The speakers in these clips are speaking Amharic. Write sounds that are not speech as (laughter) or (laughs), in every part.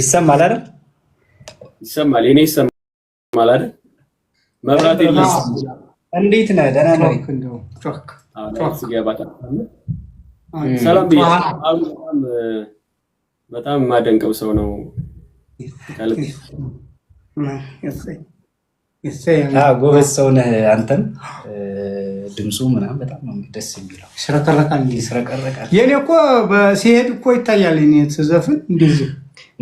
ይሰማል አይደል? ይሰማል። እኔ ይሰማል አይደል? መብራት እንዴት ነህ? ደህና ነው። ሰላም በጣም የማደንቀው ሰው ነው። ጎበዝ ሰው ነህ። አንተን ድምፁ ምናምን በጣም ደስ የሚለው። ይስረቀረቃል። እኮ ሲሄድ እኮ ይታያል። ስዘፍን እንደዚህ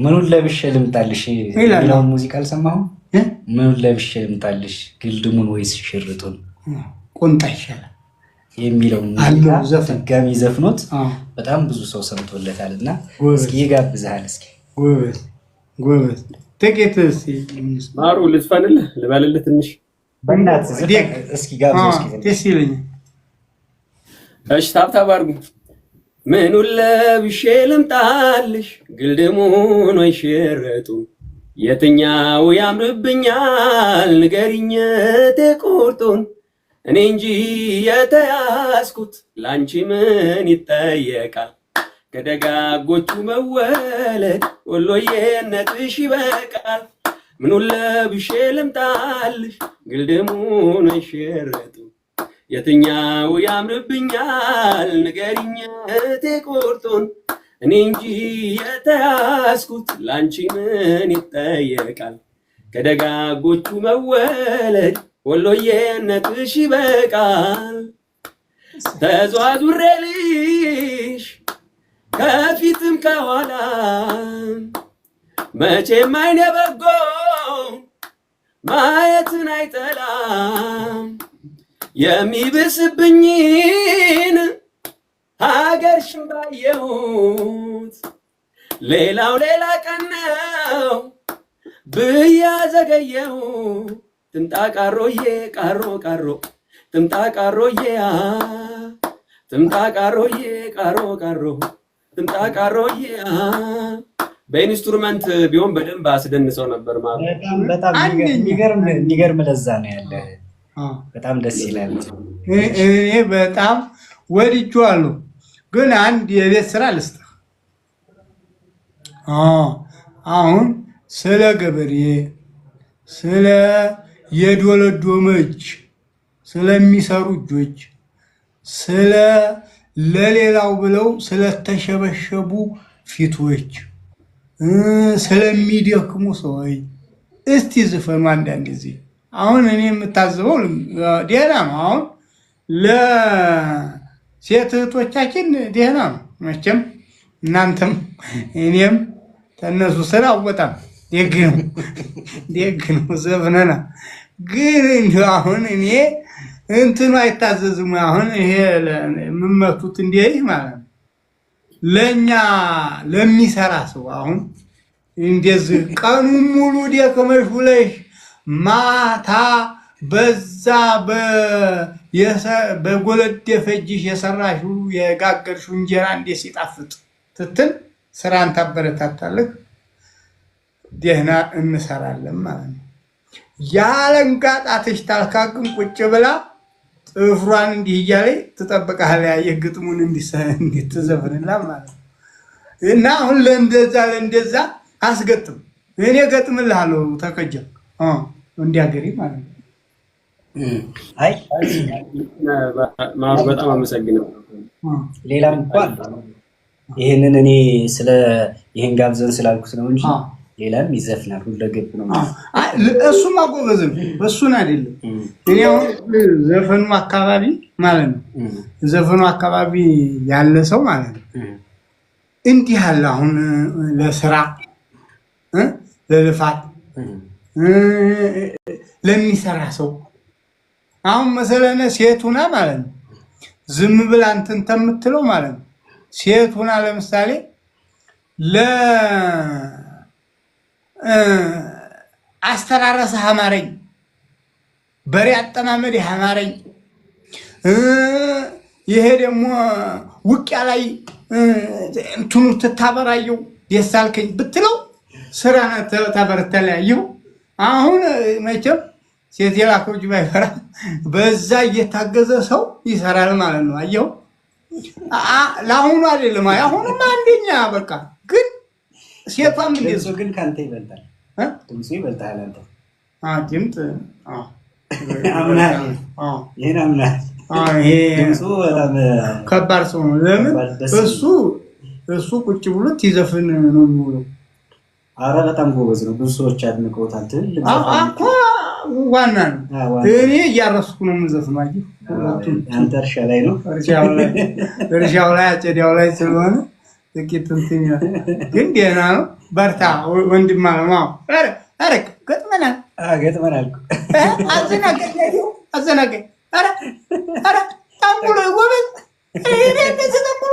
ምኑን ለብሼ ልምጣልሽ የሚለውን ሙዚቃ አልሰማሁም። ምኑን ለብሼ ልምጣልሽ ግልድሙን ወይስ ሽርጡን ቁንጣ ይሻላል የሚለው ድጋሚ ዘፍኖት በጣም ብዙ ሰው ሰምቶለታል። እና እስኪ ይጋብዝሃል። እስኪ ጎበዝ ጎበዝ ጥቂት ማሩ ልዝፈንልህ ልበልልህ ትንሽ እስኪ ጋብዝ እስኪ ደስ ይለኛል። እሺ ታብታብ አድርጉ። ምኑን ለብሼ ልምጣልሽ ግልድሙን ወይ ሽርጡን የትኛው ያምርብኛል ንገሪኝ ቁርጡን እኔ እንጂ የተያዝኩት ላንቺ ምን ይጠየቃል ከደጋጎቹ መወለድ ወሎዬነትሽ ይበቃል ምኑን ለብሼ ልምጣልሽ ግልድሙን ወይ ሽርጡን የትኛው ያምርብኛል ንገሪኝ እቴ ቁርጡን እኔ እንጂ የተያዝኩት ላንቺ ምን ይጠየቃል? ከደጋጎቹ መወለድ ወሎዬነትሽ ይበቃል። ተዟዙሬልሽ ከፊትም ከኋላ መቼም አይኔ በጎ ማየትን አይጠላም። የሚብስብኝን ሀገር ሽምባየሁት ሌላው ሌላ ቀን ነው ብያ ዘገየሁ ጥምጣ ቃሮዬ ቃሮ ቃሮ ጥምጣ ቃሮዬ ጥምጣ ቃሮዬ ቃሮ ቃሮ ጥምጣ ቃሮዬ በኢንስትሩመንት ቢሆን በደንብ አስደንሰው ነበር ማለት ነው። በጣም የሚገርም ለዛ ነው ያለ በጣም ደስ ይላል። እኔ በጣም ወድጄዋለሁ። ግን አንድ የቤት ስራ ልስጥህ። አሁን ስለ ገበሬ፣ ስለ የዶለዶመች ስለሚሰሩ እጆች፣ ስለ ለሌላው ብለው ስለተሸበሸቡ ፊቶች፣ ስለሚደክሙ ሰዎች እስቲ ዝፈኑ አንዳንድ ጊዜ አሁን እኔ የምታዝበው ደህና ነው። አሁን ለሴት እህቶቻችን ደህና ነው። መቼም እናንተም እኔም ተነሱ ስራ አወጣም ደግ ነው ደግ ነው ዘብነና ግን እንዲ አሁን እኔ እንትኑ አይታዘዝም። አሁን ይሄ የምመቱት እንዲህ ማለት ነው ለእኛ ለሚሰራ ሰው አሁን እንደዚህ ቀኑ ሙሉ ደከመሽ ውለሽ ማታ በዛ በጎለድ የፈጅሽ የሰራሽው የጋገርሽው እንጀራ እንዴት ሲጣፍጥ ትትል ስራን ታበረታታለህ። ደህና እንሰራለን ማለት ነው። ያለንጋጣትሽ ጣትሽ ቁጭ ብላ ጥፍሯን እንዲህ እያለ ትጠብቃለህ። ያየህ ግጥሙን እንዲትዘፍንላ ማለት ነው። እና አሁን ለእንደዛ ለእንደዛ አስገጥም እኔ ገጥምልሃለሁ ተከጀል እንዲ ማለት ነው። አይ በጣም አመሰግናለሁ። ሌላም እንኳን ይህንን እኔ ስለ ይህን ጋብዘን ስላልኩት ነው እንጂ ሌላም ይዘፍናል። ሁለገብ ነው እሱ አጎበዝም እሱን አይደለም። እኔ አሁን ዘፈኑ አካባቢ ማለት ነው ዘፈኑ አካባቢ ያለ ሰው ማለት ነው እንዲህ አለ አሁን ለስራ ለልፋት ለሚሰራ ሰው አሁን መሰለነ ሴት ሁና ማለት ነው ዝም ብላ እንትን ተምትለው ማለት ነው። ሴት ሁና ለምሳሌ ለአስተራረስህ አማረኝ፣ በሬ አጠማመድ አማረኝ፣ ይሄ ደግሞ ውቅያ ላይ እንትኑ ትታበራየው ደስ አልከኝ ብትለው ስራ ታበረተለያየው አሁን መቼም ሴት የላከው ጅብ በዛ እየታገዘ ሰው ይሰራል ማለት ነው። አየው ለአሁኑ አይደለም፣ አሁንም አንደኛ በቃ ግን ሴቷም ግን ከአንተ ይበልጣል፣ ድምፁ ይበልጣል። አንተ ድምፅ አምናል፣ ይህን አምናል። ከባድ ሰው ነው። ለምን እሱ እሱ ቁጭ ብሎት ይዘፍን ነው የሚውለው አረ በጣም ጎበዝ ነው። ብዙ ሰዎች አድንቀውታል። ትልልቅ ዋና ነው። እኔ እያረስኩ ነው የምዘፍነው። አንተ እርሻ ላይ ነው፣ እርሻው ላይ አጨዳው ላይ ስለሆነ ጥቂት እንትን ግን ደህና ነው። በርታ ወንድማ ነው። ኧረ ገጥመናል፣ ገጥመናል። አዘናገኝ አዘናገኝ። ኧረ ኧረ ጠንቡሎ ጎበዝ፣ ጠንቡሎ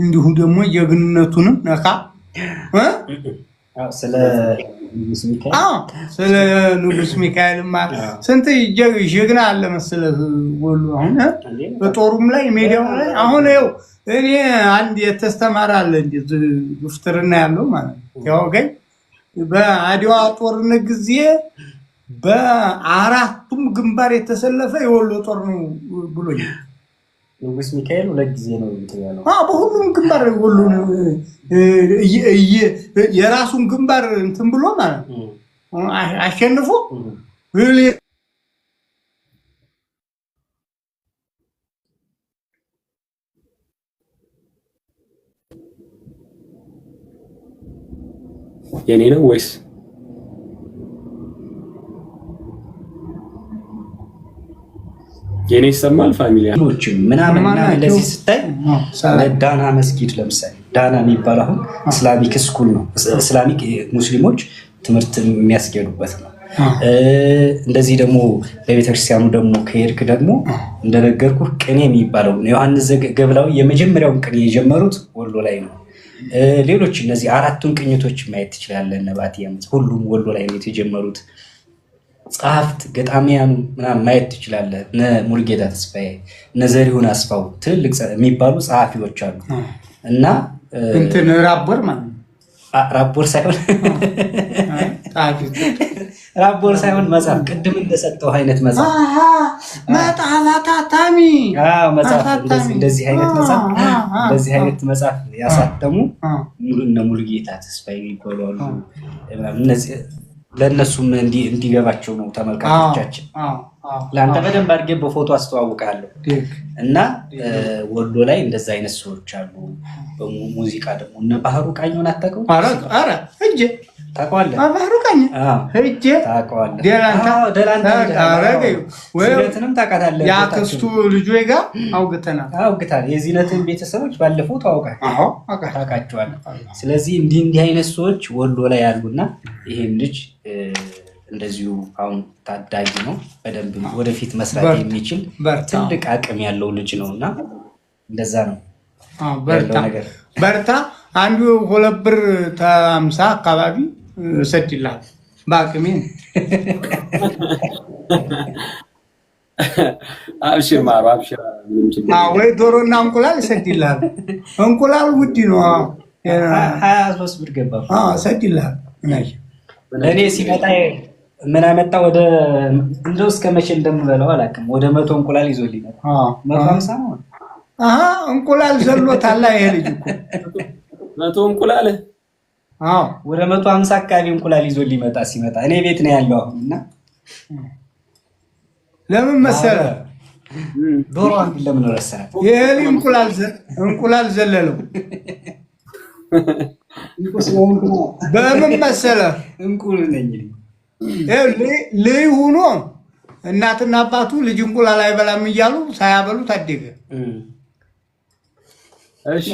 እንዲሁ ደግሞ ጀግንነቱንም ነካ ስለ ንጉስ ሚካኤልማ ስንት ጀግና አለ መስለ ወሉ አሁን በጦሩም ላይ ሜዲያው ላይ አሁን ው እኔ አንድ የተስተማረ አለ ዱፍትርና ያለው ማለት ነው ያወገኝ በአድዋ ጦርነት ጊዜ በአራቱም ግንባር የተሰለፈ የወሎ ጦር ነው ብሎኛል። ንጉስ ሚካኤል ሁለት ጊዜ ነው ያለው። በሁሉም ግንባር ሁሉም የራሱን ግንባር እንትን ብሎ ማለት አሸንፎ የኔ ነው ወይስ የኔ ይሰማል ፋሚሊ ምናምን ስታይ ለዳና መስጊድ ለምሳሌ ዳና የሚባል አሁን እስላሚክ ስኩል ነው። እስላሚክ ሙስሊሞች ትምህርት የሚያስጌዱበት ነው። እንደዚህ ደግሞ ለቤተክርስቲያኑ ደግሞ ከሄድክ ደግሞ እንደነገርኩ ቅኔ የሚባለው ዮሐንስ ገብላዊ የመጀመሪያውን ቅኔ የጀመሩት ወሎ ላይ ነው። ሌሎች እነዚህ አራቱን ቅኝቶች ማየት ትችላለን። ነባት ሁሉም ወሎ ላይ ነው የተጀመሩት። ጸሐፍት ገጣሚያኑ ምናምን ማየት ትችላለህ። እነ ሙልጌታ ተስፋዬ እነ ዘሪሁን አስፋው ትልልቅ የሚባሉ ጸሐፊዎች አሉ እና እንትን ራቦር ማለት ራቦር ሳይሆን (laughs) ራቦር ሳይሆን መጽሐፍ ቅድም እንደሰጠው አይነት መጽሐፍ አታታሚ መጽሐፍ እንደዚህ አይነት መጽሐፍ እንደዚህ አይነት መጽሐፍ ያሳተሙ እነ ሙልጌታ ተስፋዬ የሚባሉ አሉ እነዚህ ለእነሱም እንዲገባቸው ነው ተመልካቾቻችን። ለአንተ በደንብ አድርጌ በፎቶ አስተዋውቃለሁ እና ወሎ ላይ እንደዛ አይነት ሰዎች አሉ። በሙዚቃ ደግሞ እነ ባህሩ ቃኘውን አታውቅም? ኧረ እንጂ ታውቀዋለህ? አባህሩ የአክስቱ ልጆ ጋ አውግተናል (clears throat) አውግታል። የዚህለትን ቤተሰቦች ባለፈው ተዋውቃል ታውቃቸዋለህ። ስለዚህ እንዲህ እንዲህ አይነት ሰዎች ወሎ ላይ ያሉና ይሄን ልጅ እንደዚሁ አሁን ታዳጊ ነው፣ በደንብ ወደፊት መስራት የሚችል ትልቅ አቅም ያለው ልጅ ነው እና እንደዛ ነው በርታ በርታ አንዱ ሁለት ብር ተምሳ አካባቢ እሰድልሃል በአቅሜ አብሽር ማሩ አብሽር። ወይ ዶሮና እንቁላል እሰድልሃል። እንቁላል ውድ ነው፣ ሀያ ሶስት ብር ገባ። እሰድልሃል። እኔ ሲመጣ ምን አመጣ ወደ እንደው እስከ መቼ እንደምበለው አላውቅም። ወደ መቶ እንቁላል ይዞልኝ እንቁላል ዘሎታላ ይሄ ልጅ እኮ መቶ እንቁላል አዎ ወደ መቶ ሀምሳ አካባቢ እንቁላል ይዞ ሊመጣ ሲመጣ እኔ ቤት ነው ያለው አሁን እና ለምን መሰለ ዶሮ አንዱን ለምን ረሳት? ይህን እንቁላል ዘለለው በምን መሰለ እንቁል ነኝ ልይ ሁኖ እናትና አባቱ ልጅ እንቁላል አይበላም እያሉ ታደገ እሺ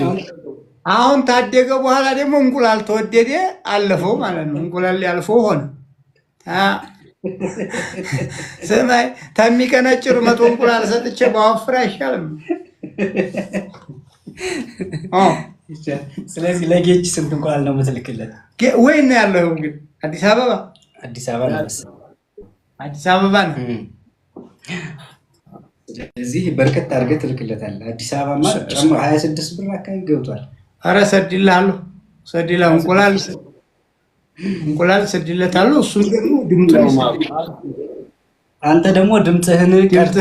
አሁን ታደገ በኋላ ደግሞ እንቁላል ተወደደ፣ አለፈው ማለት ነው። እንቁላል ያልፎ ሆነ። ስማይ ተሚቀነጭር መቶ እንቁላል ሰጥቼ ባወፍር አይሻልም? ስለዚህ ለጌች ስንት እንቁላል ነው የምትልክለት? ወይ ነው ያለው ግን አዲስ አበባ አዲስ አበባ አዲስ አበባ ነው። ስለዚህ በርከት አድርገህ ትልክለታለህ። አዲስ አበባ ሀያ ስድስት ብር አካባቢ ገብቷል። አረ ሰድልሃለሁ፣ ሰድልሃ እንቁላል እንቁላል ሰድለታለሁ። እሱም ደግሞ ድምፅ አንተ ደግሞ ድምፅህን